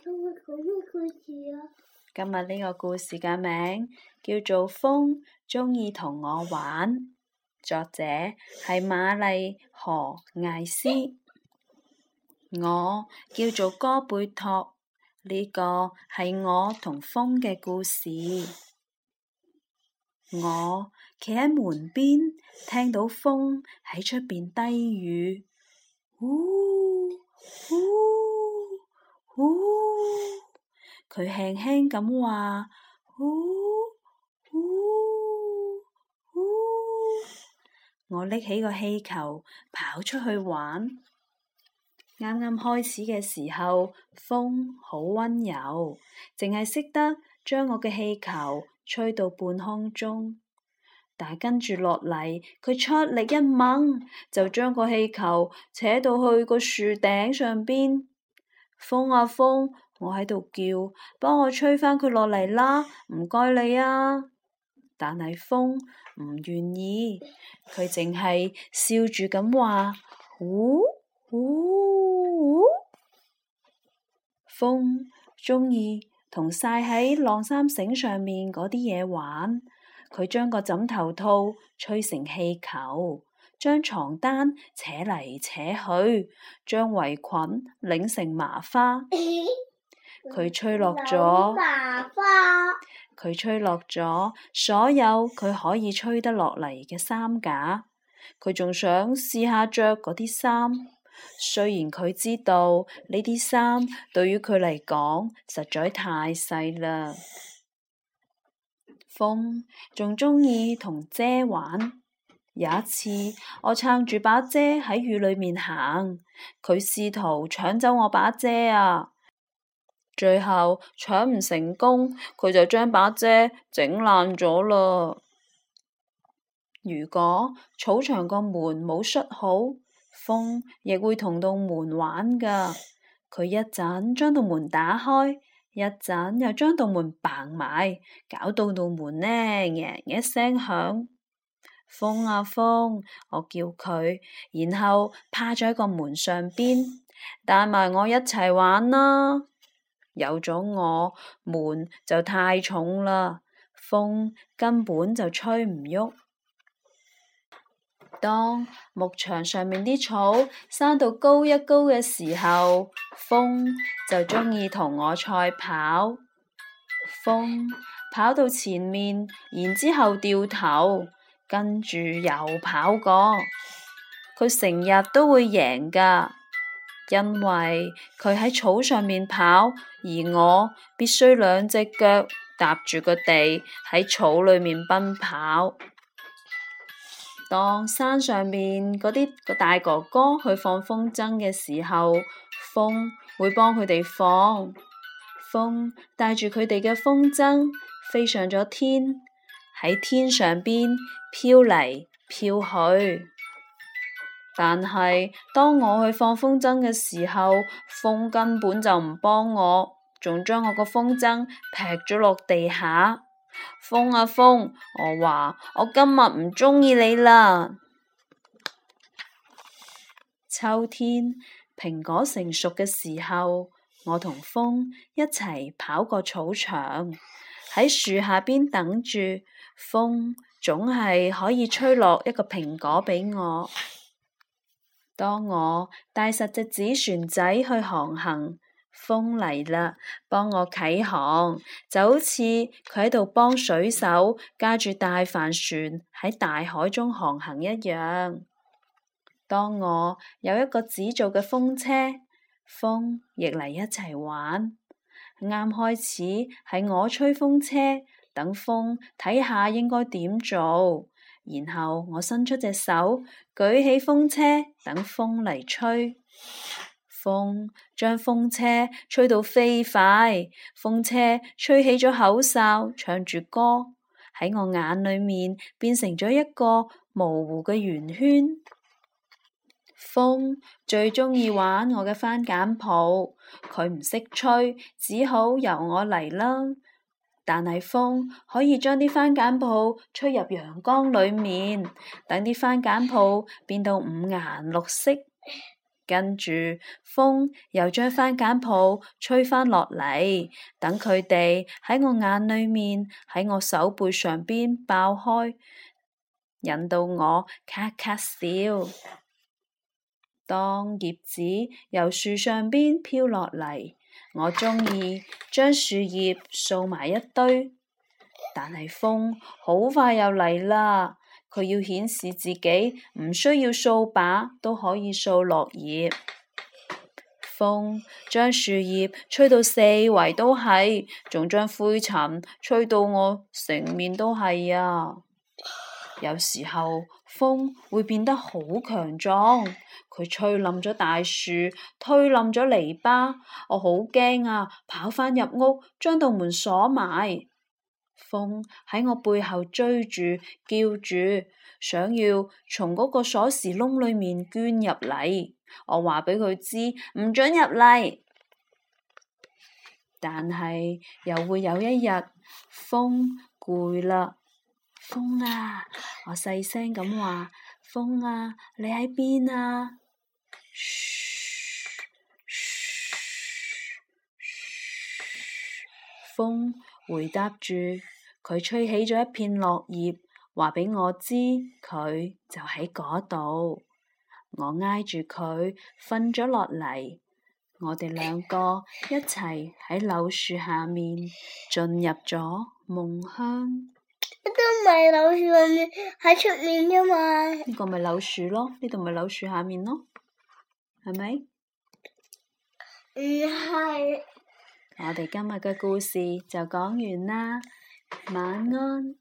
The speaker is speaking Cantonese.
.今日呢個故事嘅名叫做《風鍾意同我玩》，作者係瑪麗何艾斯。我叫做戈貝托，呢、呢個係我同風嘅故事。我企喺門邊，聽到風喺出邊低語，嗚、哦、嗚。哦。呼，佢輕輕咁話，呼呼呼，輕輕呼呼呼，我拎起個氣球跑出去玩。啱啱開始嘅時候，風好溫柔，淨係識得將我嘅氣球吹到半空中。但係跟住落嚟，佢出力一掹，就將個氣球扯到去個樹頂上邊。風啊風，我喺度叫，幫我吹翻佢落嚟啦！唔該你啊。但係風唔願意，佢淨係笑住咁話：嗚嗚嗚！風中意同晒喺晾衫繩上面嗰啲嘢玩，佢將個枕頭套吹成氣球。將床單扯嚟扯去，將圍裙擰成麻花，佢 吹落咗，佢 吹落咗所有佢可以吹得落嚟嘅衫架。佢仲想試下着嗰啲衫，雖然佢知道呢啲衫對於佢嚟講實在太細啦。風仲鍾意同姐玩。有一次，我撐住把遮喺雨裏面行，佢試圖搶走我把遮啊！最後搶唔成功，佢就將把遮整爛咗啦。如果草場個門冇閂好，風亦會同道門玩噶。佢一陣將道門打開，一陣又將道門嘭埋，搞到道門呢，人一聲響。風啊風，我叫佢，然後趴咗喺個門上邊，帶埋我一齊玩啦。有咗我，門就太重啦，風根本就吹唔喐。當牧場上面啲草生到高一高嘅時候，風就鍾意同我賽跑，風跑到前面，然之後掉頭。跟住又跑過，佢成日都會贏噶，因為佢喺草上面跑，而我必須兩隻腳踏住個地喺草裏面奔跑。當山上面嗰啲個大哥哥去放風箏嘅時候，風會幫佢哋放，風帶住佢哋嘅風箏飛上咗天，喺天上邊飄嚟飄去，但係當我去放風箏嘅時候，風根本就唔幫我，仲將我個風箏劈咗落地下。風啊風，我話我今日唔中意你啦。秋天，蘋果成熟嘅時候，我同風一齊跑過草場，喺樹下邊等住。風總係可以吹落一個蘋果俾我。當我帶十隻紙船仔去航行，風嚟啦，幫我啟航，就好似佢喺度幫水手揸住大帆船喺大海中航行一樣。當我有一個紙做嘅風車，風亦嚟一齊玩。啱開始係我吹風車。.等風睇下應該點做，然後我伸出隻手舉起風車，等風嚟吹。風將風車吹到飛快，風車吹起咗口哨，唱住歌喺我眼裏面變成咗一個模糊嘅圓圈。風最中意玩我嘅番梘泡，佢唔識吹，只好由我嚟啦。但係風可以將啲番梘泡吹入陽光裏面，等啲番梘泡變到五顏六色。跟住風又將番梘泡吹返落嚟，等佢哋喺我眼裏面，喺我手背上邊爆開，引到我咔咔笑。當葉子由樹上邊飄落嚟，我鍾意將樹葉掃埋一堆，但係風好快又嚟啦。佢要顯示自己唔需要掃把都可以掃落葉。風將樹葉吹到四圍都係，仲將灰塵吹到我成面都係啊！有時候風會變得好強壯，佢吹冧咗大樹，推冧咗泥巴，我好驚啊！跑返入屋，將道門鎖埋。風喺我背後追住，叫住，想要從嗰個鎖匙窿裏面鑽入嚟。我話俾佢知，唔准入嚟。但係又會有一日，風攰啦，風啊！我細聲咁話風啊，你喺邊啊？噓噓噓，風回答住，佢吹起咗一片落葉，話俾我知佢就喺嗰度。我挨住佢瞓咗落嚟，我哋兩個一齊喺柳樹下面進入咗夢鄉。呢度唔係老鼠下面喺出面啫嘛，呢個咪老鼠咯，呢度咪老鼠下面咯，係咪？唔係是。我哋今日嘅故事就講完啦，晚安。